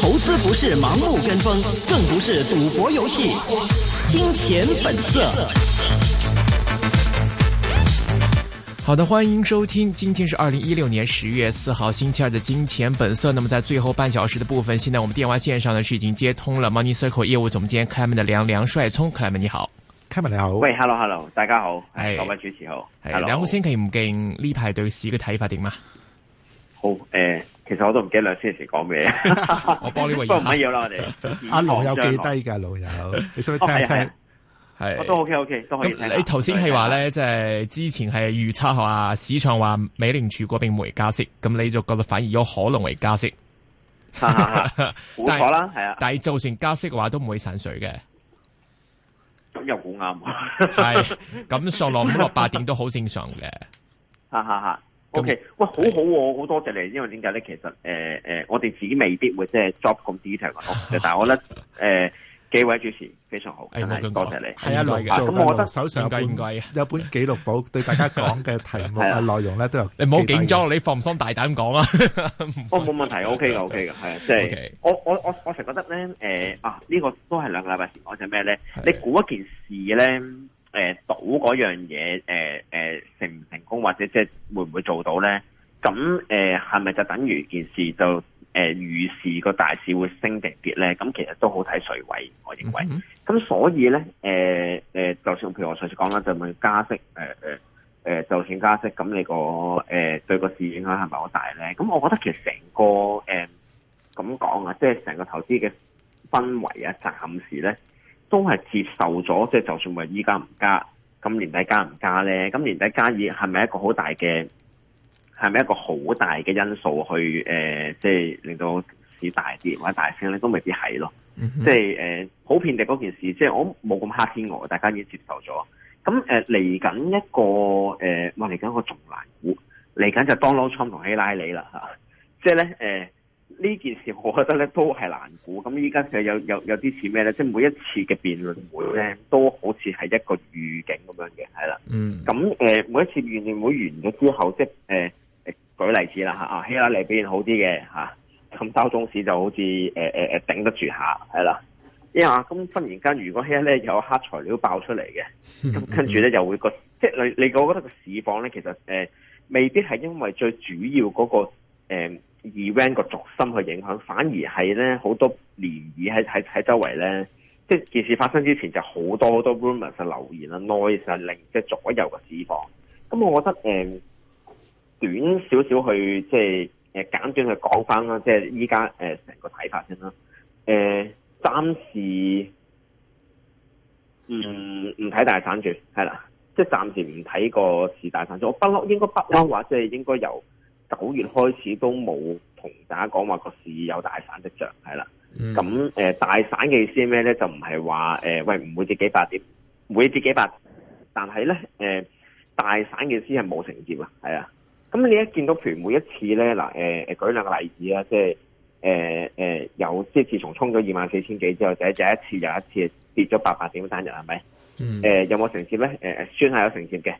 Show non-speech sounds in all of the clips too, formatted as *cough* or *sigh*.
投資不是盲目跟風，更不是賭博遊戲。金錢本色。好的，歡迎收聽，今天是二零一六年十月四號星期二的《金錢本色》。那麼在最後半小時的部分，現在我們電話線上呢是已經接通了 Money Circle 業務總監 Clement 的梁梁帥聰，Clement 你好，Clement 你好，喂，Hello Hello，大家好，係各位主持好，Hello，然後先個星期唔見呢排對市嘅睇法點嘛？好誒，其實我都唔記得兩星期前講咩，我幫呢回唔緊要啦，我哋阿龍有幾低噶，老友，你使唔使聽一聽？係我都 OK OK，都可以咁，你頭先係話咧，即係之前係預測話市場話美聯儲嗰邊冇加息，咁你就覺得反而有可能會加息。冇錯啦，係啊。但係就算加息嘅話，都唔會散水嘅。咁又好啱，係咁上落五、六、八點都好正常嘅。吓吓吓 O K. 喂，好好，好多謝你，因為點解咧？其實誒誒，我哋自己未必會即係 job 咁 detail 但係我覺得誒，幾位主持非常好，真係多謝你。係啊，錄做咁，我覺得手上計唔計有本記錄簿，對大家講嘅題目啊內容咧，都有。你唔好緊張，你放唔放大膽講啊？哦，冇問題，O K 嘅，O K 嘅，係啊，即係我我我我成日覺得咧，誒啊呢個都係兩個禮拜前講嘅咩咧？你估一件事咧？誒，賭嗰、呃、樣嘢，誒、呃、誒、呃，成唔成功或者即係會唔會做到咧？咁誒，係、呃、咪就等於件事就誒，預示個大市會升定跌咧？咁其實都好睇水位，我認為。咁所以咧，誒、呃、誒、呃，就算譬如我上次講啦，就咪加息，誒誒誒，就算加息，咁你、嗰個誒、呃、對個市影響係咪好大咧？咁我覺得其實成個誒咁講啊，即係成個投資嘅氛圍啊，暫時咧。都係接受咗，即係就算話依家唔加，咁年底加唔加咧？咁年底加熱係咪一個好大嘅係咪一個好大嘅因素去即係令到市大跌或者大升咧，都未必係咯。即係誒，普遍地嗰件事，即係我冇咁黑天鵝，大家已經接受咗。咁嚟緊一個誒，哇嚟緊一個仲難估，嚟緊就 Donald Trump 同希拉里啦嚇。即係咧誒呢件事我覺得咧都係難估，咁依家佢有有有啲似咩咧？即係每一次嘅辯論會咧，都好似係一個預警咁樣嘅，係啦。嗯。咁、嗯、每一次辯論會完咗之後，即係誒、呃、舉例子啦嚇，啊希拉里表現好啲嘅嚇，咁道中市就好似誒頂得住下，係啦。因為啊，咁忽然間，如果希拉咧有黑材料爆出嚟嘅，咁跟住咧 *laughs* 又會個即係你你覺得個市況咧，其實、呃、未必係因為最主要嗰、那個、呃 event 個重心去影響，反而係咧好多漣漪喺喺喺周圍咧，即係件事發生之前就好多好多 rumors 嘅流言啦，內在令即係左右嘅市況。咁、嗯、我覺得誒、呃、短少少去即係簡短去講翻啦，即係依家誒成個睇法先啦、呃。暫時唔唔睇大產住，係啦，即係暫時唔睇個市大產住。我不嬲應該不嬲話，即係應該有。九月開始都冇同大家講話個市有大反跡象，係啦。咁誒、mm. 呃、大反嘅意思咩咧？就唔係話誒喂唔會跌幾百點，每跌幾百點。但係咧誒大反嘅意思係冇承接啊，係啊。咁你一見到譬如每一次咧嗱誒誒舉兩個例子啊，即係誒誒有即係自從衝咗二萬四千幾之後，就係就一次又一次跌咗八百點單日係咪？誒、mm. 呃、有冇承接咧？誒、呃、算係有承接嘅。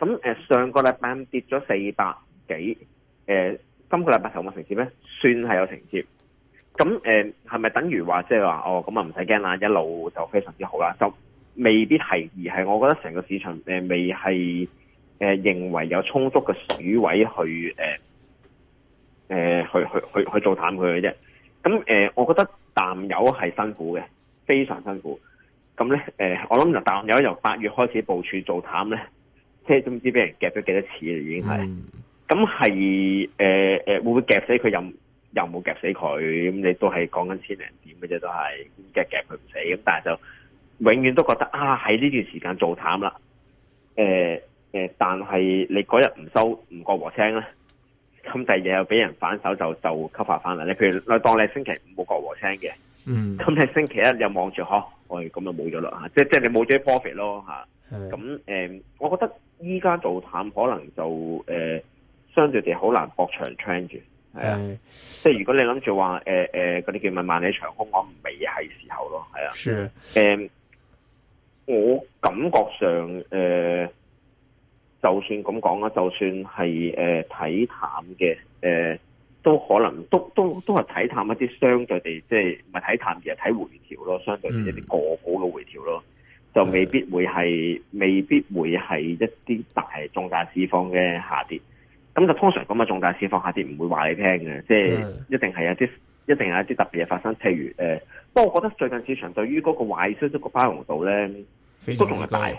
咁誒、呃、上個禮拜跌咗四百幾。誒、呃、今個禮拜頭有冇承接咧？算係有承接。咁誒係咪等於話即係話哦，咁啊唔使驚啦，一路就非常之好啦。就未必係而係，我覺得成個市場誒、呃、未係誒、呃、認為有充足嘅水位去誒、呃、去去去去做淡佢嘅啫。咁誒、呃，我覺得淡友係辛苦嘅，非常辛苦。咁咧誒，我諗就淡友由八月開始部署做淡咧，即係都唔知俾人夾咗幾多次啦已經係。嗯咁係誒誒，會唔會夾死佢又又冇夾死佢咁？你都係講緊千零點嘅啫，都係夾夾佢唔死咁，但係就永遠都覺得啊，喺呢段時間做淡啦。誒、呃、誒、呃，但係你嗰日唔收唔過和聲咧，咁第二日又俾人反手就就 cover 翻啦。你譬如你當你星期五冇過和聲嘅，咁你、嗯、星期一又望住嗬，哋、哦、咁、哎、就冇咗啦吓，即係即係你冇咗啲 profit 咯吓。咁誒是的、呃，我覺得依家做淡可能就誒。呃相對地好難博長 trend 住，係啊，的即係如果你諗住話，誒誒嗰啲叫咪萬里長空，我未係時候咯，係啊，誒的、嗯，我感覺上誒、呃，就算咁講啦，就算係誒睇淡嘅，誒、呃、都可能都都都係睇淡一啲相對地，即係唔係睇淡，而係睇回調咯，相對啲一啲個股嘅回調咯，嗯、就未必會係，是的未必會係一啲大重大市況嘅下跌。咁就通常咁啊，重大市況下跌唔會話你聽嘅，即係一定係有啲，一定有一啲特別嘅發生。譬如呃、不過我覺得最近市場對於嗰個壞消息個包容度咧，都仲係大。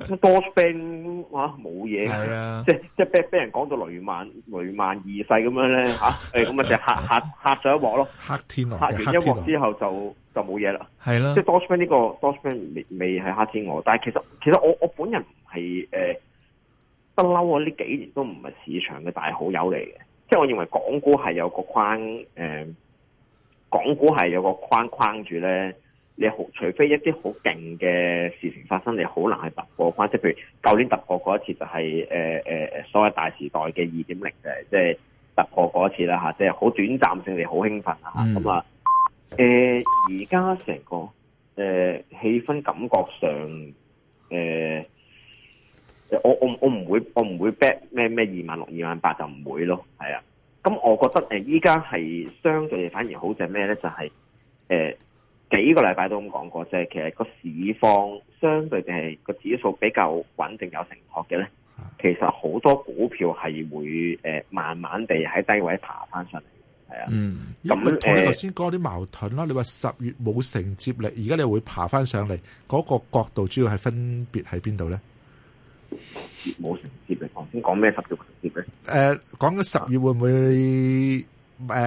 Deutsche Bank 嚇冇嘢，即即係被被人講到雷曼雷曼二世咁樣咧嚇，咁啊就、哎、嚇嚇嚇咗一鑊咯，黑天、啊、嚇完一鑊之後就就冇嘢啦，係啦。即係 Deutsche Bank 呢個 Deutsche Bank 未未係黑天鵝，但係其實其實我我本人唔係誒。呃不嬲啊！呢幾年都唔係市場嘅大好友嚟嘅，即係我認為港股係有個框，嗯、港股係有個框框住咧。你好，除非一啲好勁嘅事情發生，你好難去突破關。即係譬如舊年突破嗰一次、就是，就係誒所謂大時代嘅二點零，就係即係突破嗰一次啦、啊、即係好短暫性你好興奮啊！咁啊、嗯，而家成個誒、呃、氣氛感覺上誒。呃我我我我唔會我唔會 back 咩咩二萬六二萬八就唔會咯，係啊。咁我覺得誒依家係相對反而好就係咩咧？就係、是、誒、呃、幾個禮拜都咁講過，即係其實個市況相對地係個指數比較穩定有承托嘅咧。其實好多股票係會誒、呃、慢慢地喺低位爬翻上嚟，係啊。嗯，咁頭先講啲矛盾啦。你話十月冇承接力，而家你會爬翻上嚟嗰、那個角度，主要係分別喺邊度咧？冇承接力。頭先講咩十條承接力。誒、呃，講緊十月會唔會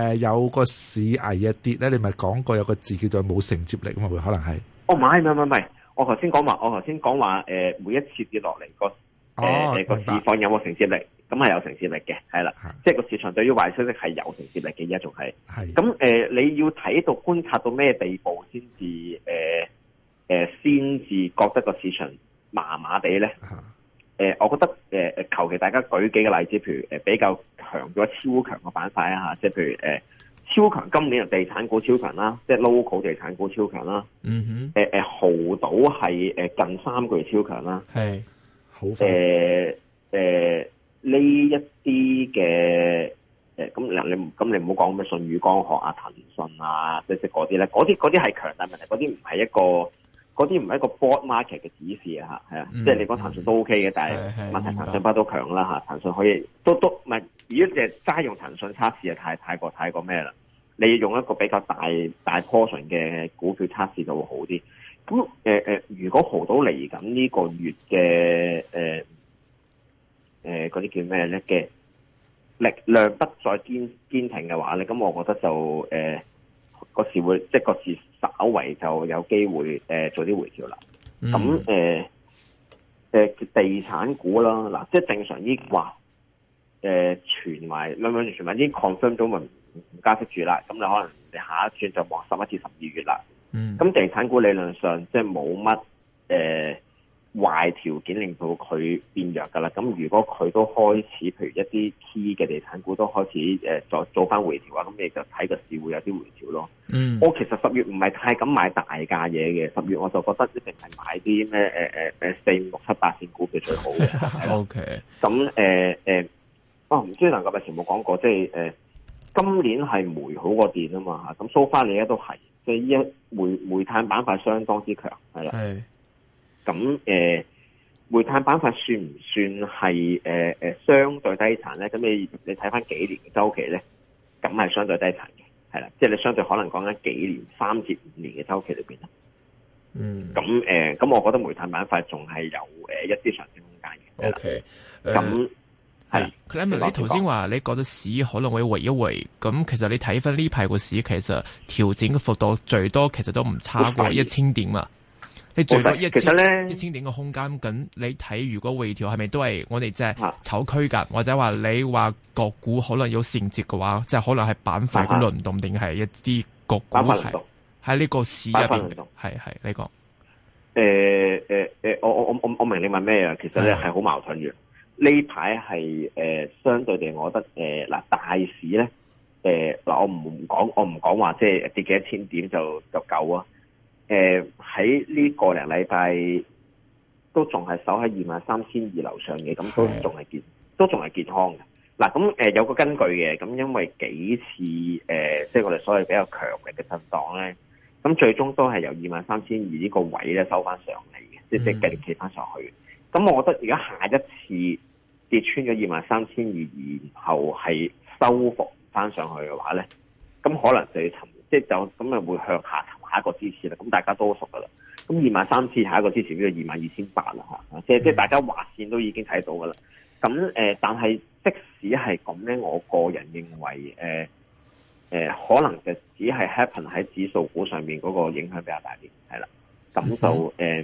誒有個市危一啲咧？你咪講過有個字叫做冇承接力嘛？會可能係哦，唔係唔唔唔，我頭先講話，我頭先講話誒，每一次跌落嚟個誒個市況有冇承接力？咁係白有承接力嘅，係啦，的即係個市場對於壞消息係有承接力嘅，而家仲係。係咁誒，你要睇到觀察到咩地步先至誒誒，先、呃、至、呃、覺得個市場麻麻地咧？誒、呃，我覺得誒誒，求、呃、其大家舉幾個例子，譬如誒、呃、比較強咗、超強嘅板塊啊吓，即係譬如誒、呃、超強今年嘅地產股超強啦，即係 local 地產股超強啦。嗯哼。誒誒、呃，濠賭係誒近三個月超強啦。係、嗯哼，好快、呃。誒、呃、誒，呢一啲嘅誒咁嗱，呃、你唔咁你唔好講咩舜宇光學啊、騰訊啊，即係嗰啲咧，嗰啲嗰啲係強但係問題，嗰啲唔係一個。嗰啲唔係一個 broad market 嘅指示啊，嚇係啊，即係你講騰訊都 OK 嘅，嗯、但係問題騰訊不都強啦，嚇，的騰訊可以都都唔係，如果淨係齋用騰訊測試啊，太太過太過咩啦？你要用一個比較大大 portion 嘅股票測試就會好啲。咁誒誒，如果豪到嚟緊呢個月嘅誒誒嗰啲叫咩咧嘅力量不再堅堅挺嘅話咧，咁我覺得就誒個、呃、時會即係個時。稍微就有機會、呃、做啲回調啦。咁、嗯呃呃、地產股啦，嗱，即係正常已經話誒傳埋乜乜傳埋啲 confirm 都唔唔加息住啦。咁你可能你下一轉就望十一至十二月啦。咁、嗯、地產股理論上即係冇乜壞條件令到佢變弱噶啦，咁如果佢都開始，譬如一啲 T 嘅地產股都開始誒再、呃、做翻回調啊，咁、嗯、你就睇個市會有啲回調咯。嗯，我其實十月唔係太敢買大價嘢嘅，十月我就覺得一定係買啲咩誒誒誒四六七八線股票最好嘅。O K，咁誒誒，啊吳先生今日全部講過，即係誒、嗯、今年係煤好過電啊嘛，咁 so far 嚟咧都係，即係依一煤煤炭板塊相當之強，係啦。咁誒、呃，煤炭板塊算唔算係誒誒相對低殘咧？咁你你睇翻幾年嘅周期咧，咁係相對低殘嘅，係啦，即係你相對可能講緊幾年、三至五年嘅周期裏邊啦。嗯，咁誒，咁、呃、我覺得煤炭板塊仲係有誒一啲上升空間嘅。O K，咁係啦。Clement，你頭先話你覺得市可能會回一回，咁其實你睇翻呢排個市，其實調整嘅幅度最多其實都唔差過一千快點啊。你最多一千一千點嘅空間咁，你睇如果回調係咪都係我哋即係炒區噶，嗯、或者話你話個股可能有承接嘅話，即、就、係、是、可能係板塊輪動，定係、嗯、一啲個股係喺呢個市入邊，係係呢個。誒誒誒，我我我我我明白你問咩啊？其實咧係好矛盾嘅。呢排係誒相對地，我覺得誒嗱、呃、大市咧，誒嗱我唔講，我唔講話即係、就是、跌幾多千點就就夠啊。誒，喺呢、呃、個零禮拜都仲係守喺二萬三千二樓上嘅，咁是的 都仲係健，都仲係健康嘅。嗱、啊，咁誒、呃、有個根據嘅，咁因為幾次誒、呃，即係我哋所謂比較強力嘅震盪咧，咁最終都係由二萬三千二呢個位咧收翻上嚟嘅，嗯、即即係繼續企翻上去。咁、嗯、我覺得而家下一次跌穿咗二萬三千二，然後係收復翻上去嘅話咧，咁可能就要沉，即係就咁啊會向下。下一個支持啦，咁大家都熟噶啦，咁二萬三次下一個支持呢？就二萬二千八啦吓，即係即係大家畫線都已經睇到噶啦。咁誒、呃，但係即使係咁咧，我個人認為誒誒、呃呃，可能就只係 happen 喺指數股上面嗰個影響比較大啲，係啦。咁就誒、呃，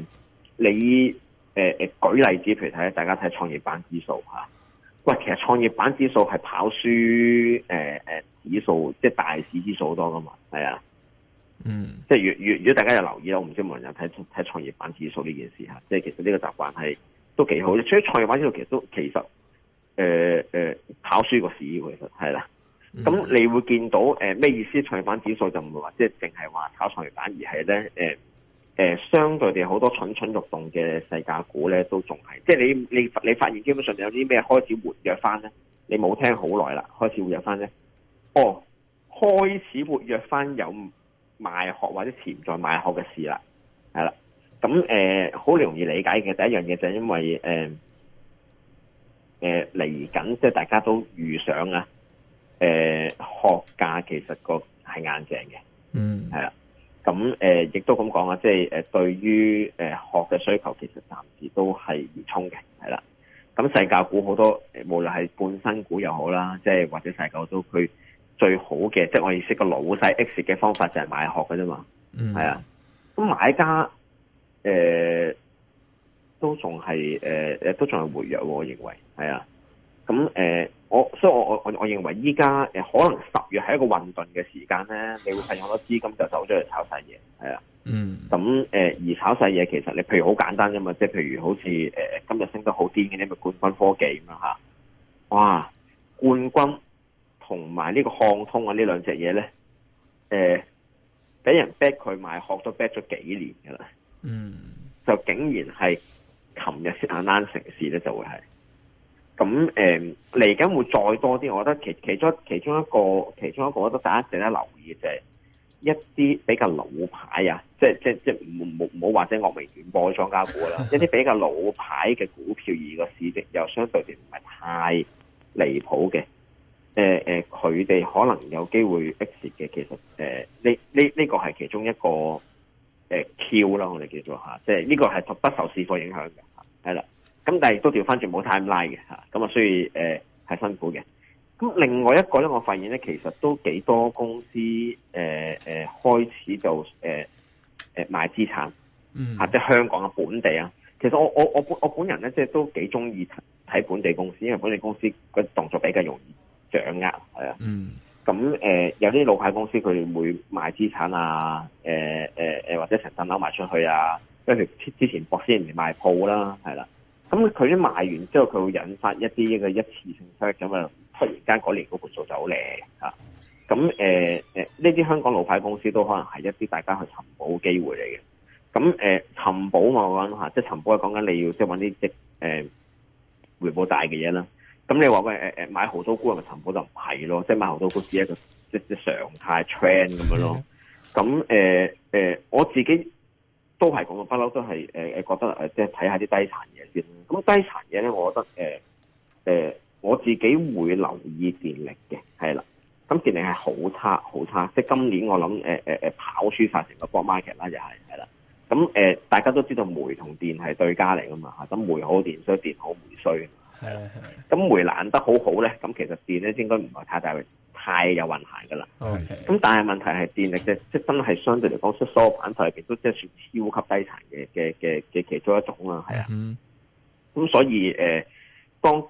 你誒誒、呃、舉例子，譬如睇大家睇創業板指數吓、啊，喂，其實創業板指數係跑輸誒誒指數，即係大市指數多噶嘛，係啊。嗯，即係如如如果大家有留意啦，我唔知有冇人有睇睇創業板指數呢件事吓，即係其實呢個習慣係都幾好。除咗創業板指數，其實都的其實誒誒跑輸個市，其實係啦。咁你會見到誒咩、呃、意思？創業板指數就唔會話即係淨係話炒創業板，而係咧誒誒相對地好多蠢蠢欲動嘅細價股咧都仲係，即係你你你發現基本上有啲咩開始活躍翻咧？你冇聽好耐啦，開始活躍翻咧？哦，開始活躍翻有。賣學或者潛在賣學嘅事啦，係啦，咁誒好容易理解嘅第一樣嘢，就係因為誒誒嚟緊即係大家都遇上啊，誒、呃、學價其實個係硬淨嘅，嗯，係啦，咁誒、呃、亦都咁講啊，即係誒對於誒學嘅需求其實暫時都係熱衷嘅，係啦，咁細價股好多無論係半新股又好啦，即係或者細價股都佢。最好嘅，即係我認識個老細 X 嘅方法就係買學嘅啫嘛，係、嗯、啊。咁買家誒、呃、都仲係誒誒都仲係活躍、啊，我認為係啊。咁誒、呃、我所以我我我認為依家誒可能十月係一個混沌嘅時間咧，你會係用多資金就走咗去炒晒嘢，係啊。嗯。咁誒、呃、而炒晒嘢其實你譬，譬如好簡單噶嘛，即係譬如好似誒今日升得好癲嘅呢個冠軍科技咁樣吓。哇！冠軍。同埋呢個漢通啊，呢兩隻嘢咧，誒，俾人逼佢賣，殼都逼咗幾年噶啦，嗯，就竟然係琴日先啱啱成事咧，就會係，咁誒嚟緊會再多啲，我覺得其其,其中其中一個其中一個，一個我覺得大家值得留意嘅就係、是、一啲比較老牌啊，即係即係即係冇冇冇或者惡名遠播嘅莊家股啦， *laughs* 一啲比較老牌嘅股票而個市值又相對地唔係太離譜嘅。誒誒，佢哋、呃呃、可能有機會 exit 嘅。其實誒，呢呢呢個係其中一個誒、呃、Q 啦，我哋叫做吓、啊，即係呢個係不受市況影響嘅係啦。咁但係都調翻轉冇 timeline 嘅吓，咁啊，所以誒係、呃、辛苦嘅。咁另外一個咧，我發現咧，其實都幾多公司誒誒、呃、開始就誒誒賣資產，嗯、啊、吓，即香港嘅本地啊。其實我我我我本人咧，即係都幾中意睇本地公司，因為本地公司嘅動作比較容易。掌握係啊，咁誒、嗯呃、有啲老牌公司佢會賣資產啊，誒誒誒或者成棟樓賣出去啊，跟住之前博死人哋賣鋪啦，係啦，咁佢一賣完之後佢會引發一啲嘅一,一次性收益，咁啊突然間嗰年嗰盤數就好靚啊，咁誒誒呢啲香港老牌公司都可能係一啲大家去尋寶機會嚟嘅。咁誒尋寶嘛我講嚇，即係尋寶係講緊你要即係揾啲即誒回報大嘅嘢啦。咁你話嘅誒買好多股嘅情況就唔係咯，即係買好多股只一個即即常態 trend 咁樣咯。咁誒誒我自己都係講過，不嬲都係、呃、覺得、呃、即係睇下啲低殘嘢先。咁低殘嘢咧，我覺得誒、呃呃、我自己會留意電力嘅，係啦。咁電力係好差好差，即係今年我諗誒、呃呃、跑輸晒成個 broad market 啦，又係係啦。咁誒、呃、大家都知道煤同電係對家嚟噶嘛咁、啊、煤好電，所以電好煤衰。係咁回南得好好咧，咁其實電咧應該唔係太大太有運行噶啦。咁 Okay. 但係問題係電力即即真係相對嚟講出縮板塊入都即係算超級低殘嘅嘅嘅嘅其中一種啊，係啊。咁、mm hmm. 所以誒、呃，當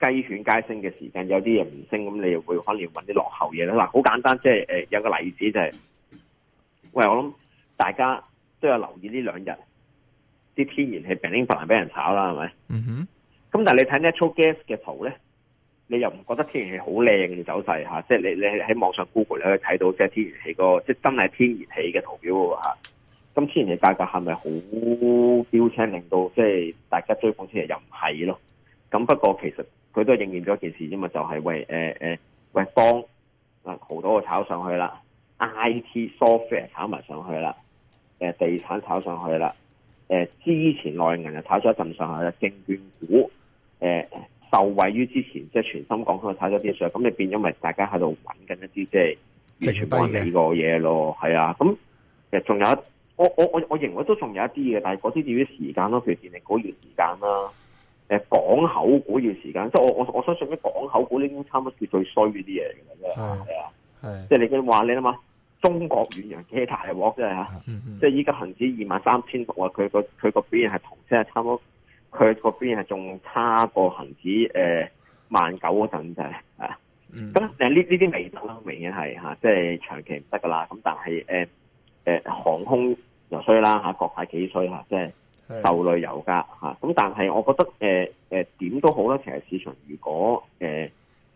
雞犬皆升嘅時間，有啲人唔升，咁你又會可能搵啲落後嘢啦嗱，好簡單，即係誒、呃、有個例子就係、是，喂，我諗大家都有留意呢兩日啲天然氣平頂閥俾人炒啦，係咪？嗯哼、mm。Hmm. 咁但係你睇 natural gas 嘅圖咧，你又唔覺得天然氣好靚嘅走勢嚇？即係你你喺網上 Google 你可以睇到，即係天然氣個即係真係天然氣嘅圖表喎嚇。咁天然氣價格係咪好標青，令到即係大家追捧天然氣又唔係咯？咁不過其實佢都係應驗咗一件事啫嘛，因為就係、是、喂誒誒為幫啊好多嘅炒上去啦，IT software 炒埋上去啦，誒地產炒上去啦，誒之前內銀又炒咗一陣上去啦，證券股。誒、呃，受惠於之前即係全心港股睇咗啲上，咁你變咗咪大家喺度揾緊一啲即係全部全灣幾個嘢咯，係得啊，咁其實仲有，我我我我認為都仲有一啲嘅，但係嗰啲至於時間咯，譬如電力嗰段時間啦，誒、呃，港口嗰段時間，即係我我我相信啲港口股已經差唔多最衰嗰啲嘢嚟嘅啦，係是 啊，係、啊，即係你嘅話你諗下，中國遠洋幾大鑊真係吓，即係依家恆指二萬三千六啊，佢個佢個表現係同即係差唔多。佢嗰邊係仲差過恆指，誒、呃、萬九嗰陣就係啊。咁誒呢呢啲未得啦，明顯係嚇，即、啊、係、就是、長期唔得噶啦。咁但係誒誒航空又衰啦嚇，國、啊、泰幾衰嚇，即、啊、係、就是、受累、有㗎嚇。咁但係我覺得誒誒點都好啦，其實市場如果誒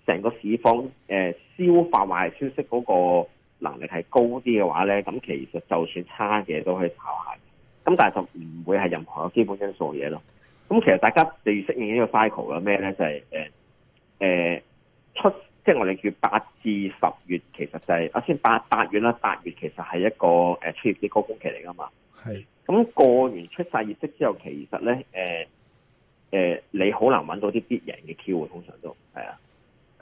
成、啊、個市況誒消化壞消息嗰個能力係高啲嘅話咧，咁其實就算差嘅都可以炒下。咁、啊、但係就唔會係任何嘅基本因素嘢咯。咁其實大家最適應這個呢個 cycle 嘅咩咧？就係誒誒出，即係我哋叫八至十月，其實就係、是、啊先八八月啦，八月其實係一個誒出業嘅高峰期嚟噶嘛。係咁是過完出晒業績之後，其實咧誒誒你好難揾到啲必贏嘅 Q 啊，通常都係啊。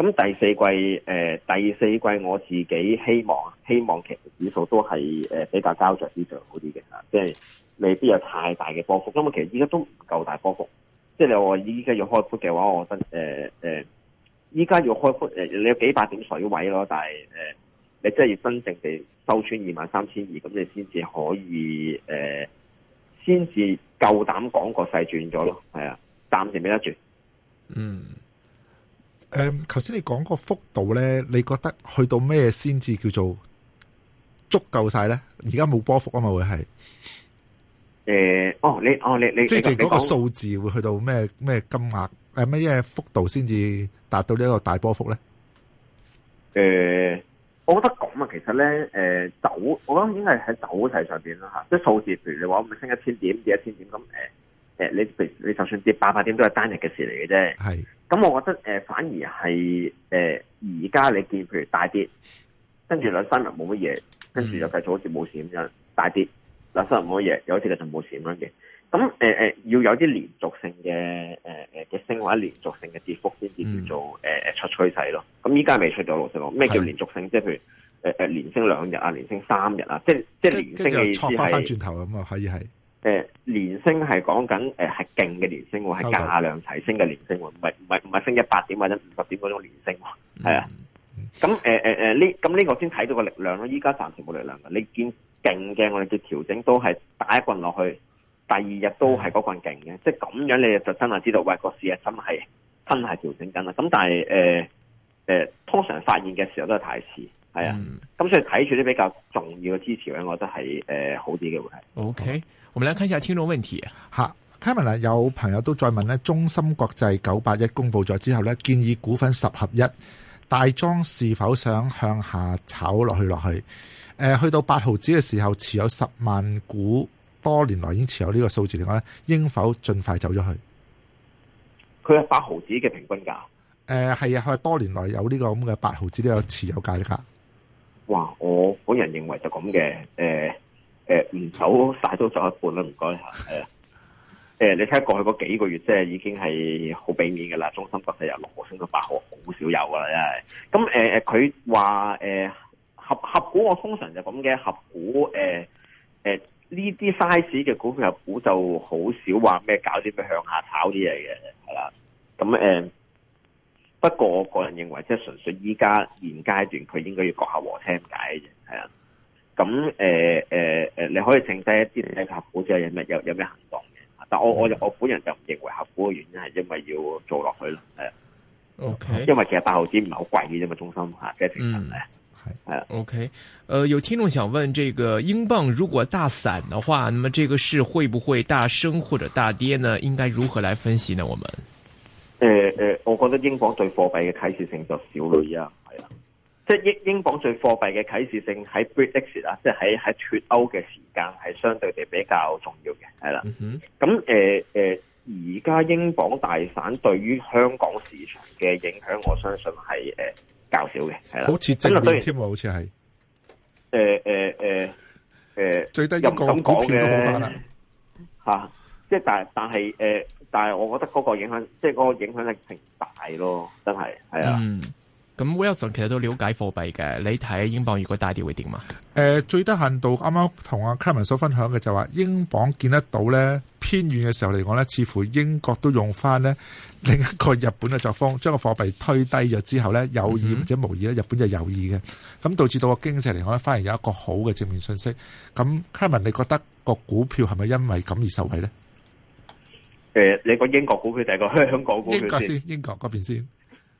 咁第四季，誒、呃、第四季我自己希望，希望其實指數都係誒、呃、比較膠着啲，就好啲嘅嚇，即係未必有太大嘅波幅。咁啊，其實依家都唔夠大波幅，即係你話依家要開闊嘅話，我覺得誒誒，依、呃、家、呃、要開闊誒、呃，你有幾百點水位咯，但係誒、呃，你真係要真正地收穿二萬三千二，咁你先至可以誒，先、呃、至夠膽講個勢轉咗咯，係啊，暫時未得轉。嗯。誒，頭先、嗯、你講個幅度咧，你覺得去到咩先至叫做足夠晒咧？而家冇波幅啊嘛，會係誒、呃，哦，你，哦，你，你，即係個數字會去到咩咩金額誒？咩、呃、嘢幅度先至達到呢一個大波幅咧？誒、呃，我覺得咁啊，其實咧，誒，走，我諗應該喺走勢上邊啦吓，即係數字，譬如你話會升一千點，至一千點，咁誒。誒、呃，你譬如你就算跌八百點都係單日嘅事嚟嘅啫。係是，咁我覺得誒、呃，反而係誒，而、呃、家你見譬如大跌，跟住兩三日冇乜嘢，跟住又繼續好似冇事咁樣，嗯、大跌，兩三日冇乜嘢，有一次就冇事咁樣嘅。咁誒誒，要有啲連續性嘅誒誒嘅升或者連續性嘅跌幅先至叫做誒、嗯呃、出趨勢咯。咁依家未出到六十萬。咩叫連續性？即係是譬如誒誒、呃、連升兩日啊，連升三日啊，即係即係連升嘅意思係翻翻轉頭咁啊，可以係。誒，連升係講緊誒係勁嘅連升喎，係價、呃、量齊升嘅連升喎，唔係唔係唔係升一百點或者五十點嗰種連升，係啊。咁誒誒誒呢，咁呢個先睇到個力量咯，依家暫時冇力量噶。你見勁嘅我哋叫調整都係打一棍落去，第二日都係嗰棍勁嘅，是的 即係咁樣你就真係知道喂、哎那個市啊真係真係調整緊啦。咁但係誒誒通常發現嘅時候都係太遲。係啊，咁所以睇住啲比較重要嘅支持咧，我覺得係誒、呃、好啲嘅話題。OK，嗯、我哋來傾下天路問題。好，今日咧有朋友都再問咧，中芯國際九八一公布咗之後咧，建議股份十合一大莊是否想向下炒落去落去？誒、呃，去到八毫子嘅時候，持有十萬股，多年來已經持有呢個數字嘅話咧，應否盡快走咗去？佢係八毫子嘅平均價。誒、呃，係啊，佢係多年來有呢、這個咁嘅八毫子都有、這個、持有價格。哇！我本人認為就咁嘅，誒誒唔走晒都走一半啦，唔該嚇，係、呃、啊，誒你睇下過去嗰幾個月即係已經係好俾面嘅啦，中心國際由六號升到八號好少有嘅啦，因為，咁誒誒佢話誒合合股我通常就咁嘅，合股誒誒呢啲 size 嘅股票合股就好少話咩搞啲咩向下炒啲嘢嘅，係啦，咁、嗯、誒。呃不過我個人認為純，即係純粹依家現階段佢應該要講下和聽解嘅，係啊。咁誒誒誒，你可以澄低一啲睇下，股即有咩有有咩行動嘅。但我我我本人就唔認為合股嘅原因係因為要做落去係啊。OK，因為其實八毫紙唔係好貴嘅中心吓，即係嗯，係啊。就是、OK，誒的、okay. 呃，有聽眾想問，這個英鎊如果大散的話，那麼這個市會不會大升或者大跌呢？應該如何來分析呢？我們？誒誒、呃呃，我覺得英鎊對貨幣嘅啟示性就少啲啊，係啦，即係英英鎊對貨幣嘅啟示性喺 Brexit 啊、嗯哼，即係喺喺脫歐嘅時間係相對地比較重要嘅，係啦。咁誒誒，而、呃、家、呃、英鎊大反對於香港市場嘅影響，我相信係誒、呃、較少嘅，係啦。好似正面添，好似係。誒誒誒誒，呃呃呃呃、最低英鎊股票咧吓、啊，即係但係但係誒。呃但係，我覺得嗰個影響，即係嗰個影響力挺大咯，真係，係啊。咁、嗯、Wilson、well、其實都了解貨幣嘅，你睇，英鎊如果大跌會點嘛？誒、呃，最低限度，啱啱同阿 Clement 所分享嘅就話，英鎊見得到咧，偏軟嘅時候嚟講咧，似乎英國都用翻咧另一個日本嘅作風，將個貨幣推低咗之後咧，有意或者無意咧，嗯、日本就有意嘅，咁導致到個經濟嚟講咧，反而有一個好嘅正面信息。咁 Clement 你覺得個股票係咪因為咁而受惠咧？誒，你講英國股票定係個香港股票先？英國先，英國嗰邊先。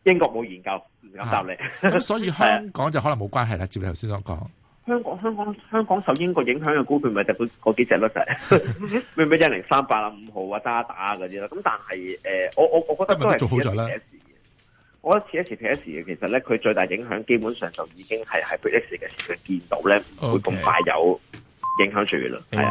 英國冇研究，唔敢答你。啊、所以香港、 *laughs* 啊、就可能冇關係啦。接你頭先所講。香港，香港，香港受英國影響嘅股票咪就到嗰幾隻咯、就是，就係咩咩一零三八啊、五號啊、渣打嗰啲啦。咁、啊、但係誒、呃，我我我覺得都係做好咗啦。我覺得 P S P S 其實咧，佢最大影響基本上就已經係喺 P S 嘅時佢見到咧，唔會咁快有影響住啦，係 Okay. 啊。